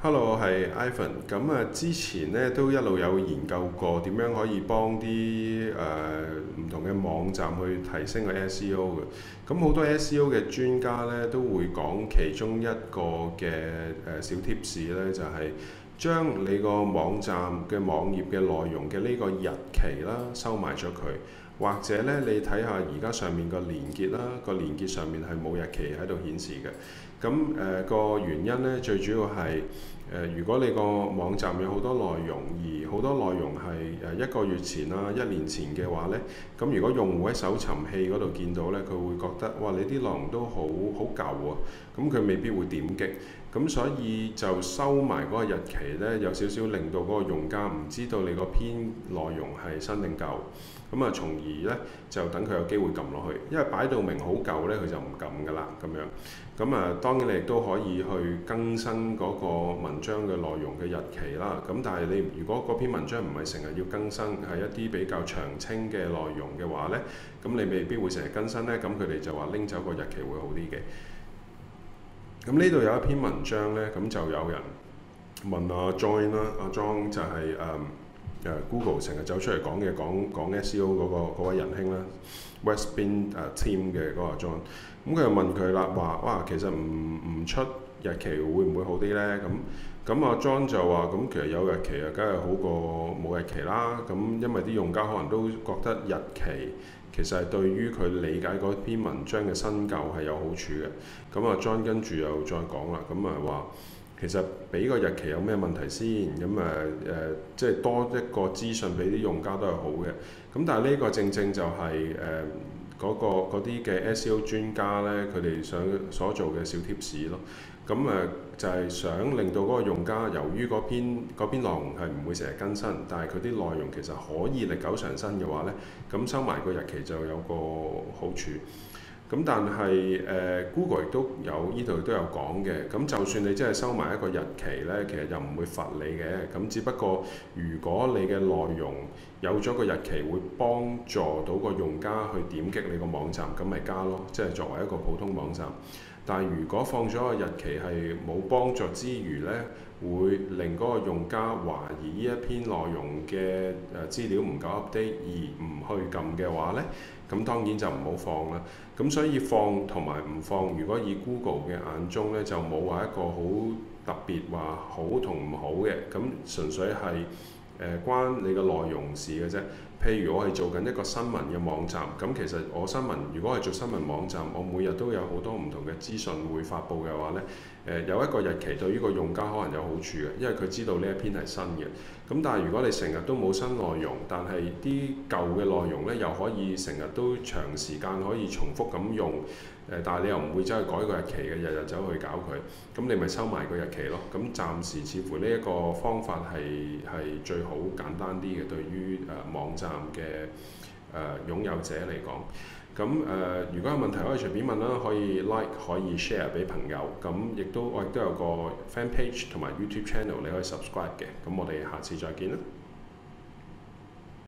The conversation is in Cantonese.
Hello，我係 Ivan。咁啊，之前咧都一路有研究過點樣可以幫啲誒唔同嘅網站去提升個 SEO 嘅。咁好多 SEO 嘅專家咧都會講其中一個嘅誒、呃、小貼士咧，就係、是、將你個網站嘅網頁嘅內容嘅呢個日期啦收埋咗佢。或者咧，你睇下而家上面個連結啦，個連結上面係冇日期喺度顯示嘅。咁誒個原因呢，最主要係誒、呃，如果你個網站有好多內容，而好多內容係誒一個月前啦、一年前嘅話呢。咁如果用戶喺搜尋器嗰度見到呢，佢會覺得哇，你啲內容都好好舊啊，咁佢未必會點擊。咁所以就收埋嗰個日期呢，有少少令到嗰個用家唔知道你個篇內容係新定舊。咁啊，從而呢，就等佢有機會撳落去，因為擺到明好舊呢，佢就唔撳噶啦咁樣。咁啊，當然你亦都可以去更新嗰個文章嘅內容嘅日期啦。咁但係你如果嗰篇文章唔係成日要更新，係一啲比較長青嘅內容嘅話呢，咁你未必會成日更新呢。咁佢哋就話拎走個日期會好啲嘅。咁呢度有一篇文章呢，咁就有人問阿、啊、John 啦、啊，阿、啊、John 就係、是、誒。嗯 Google 成日走出嚟講嘅講講 SEO 嗰、嗰個位仁兄啦，Westbin team 嘅嗰個 John，咁佢又問佢啦，話哇其實唔唔出日期會唔會好啲呢？John，嗯」咁咁阿 John 就話，咁、嗯、其實有日期啊，梗係好過冇日期啦。咁、嗯、因為啲用家可能都覺得日期其實係對於佢理解嗰篇文章嘅新舊係有好處嘅。咁、嗯、阿、嗯、John 跟住又再講啦，咁啊話。嗯嗯嗯嗯其實俾個日期有咩問題先？咁誒誒，即係多一個資訊俾啲用家都係好嘅。咁但係呢個正正就係誒嗰個嗰啲嘅 SEO 專家咧，佢哋想所做嘅小 t 士 p s 咯。咁誒、呃、就係、是、想令到嗰個用家，由於嗰篇篇內容係唔會成日更新，但係佢啲內容其實可以歷久常新嘅話咧，咁收埋個日期就有個好處。咁但係誒、呃、Google 亦都有呢度都有講嘅，咁就算你真係收埋一個日期呢，其實又唔會罰你嘅，咁只不過如果你嘅內容有咗個日期會幫助到個用家去點擊你個網站，咁咪加咯，即係作為一個普通網站。但如果放咗個日期係冇幫助之餘呢，會令嗰個用家懷疑呢一篇內容嘅誒資料唔夠 update 而唔去撳嘅話呢，咁當然就唔好放啦。咁所以放同埋唔放，如果以 Google 嘅眼中呢，就冇話一個好特別話好同唔好嘅，咁純粹係。誒、呃、關你個內容事嘅啫。譬如我係做緊一個新聞嘅網站，咁其實我新聞如果係做新聞網站，我每日都有好多唔同嘅資訊會發布嘅話呢、呃。有一個日期對於個用家可能有好處嘅，因為佢知道呢一篇係新嘅。咁但係如果你成日都冇新內容，但係啲舊嘅內容呢，又可以成日都長時間可以重複咁用。誒，但係你又唔會走去改個日期嘅，日日走去搞佢，咁你咪收埋個日期咯。咁暫時似乎呢一個方法係係最好簡單啲嘅，對於誒、呃、網站嘅誒擁有者嚟講。咁誒、呃，如果有問題可以隨便問啦，可以 like，可以 share 俾朋友。咁亦都我亦都有個 fan page 同埋 YouTube channel，你可以 subscribe 嘅。咁我哋下次再見啦。